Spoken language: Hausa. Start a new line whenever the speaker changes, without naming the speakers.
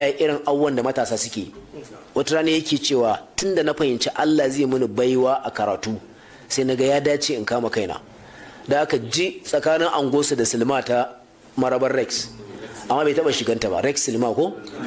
ya eh, irin abubuwan da matasa suke wata rana yake cewa tun da na fahimci Allah zai mini baiwa a karatu sai na ga ya dace in kama kaina da aka ji tsakanin angosa da silma ta marabar rex amma bai taba shiganta ba rex silma ko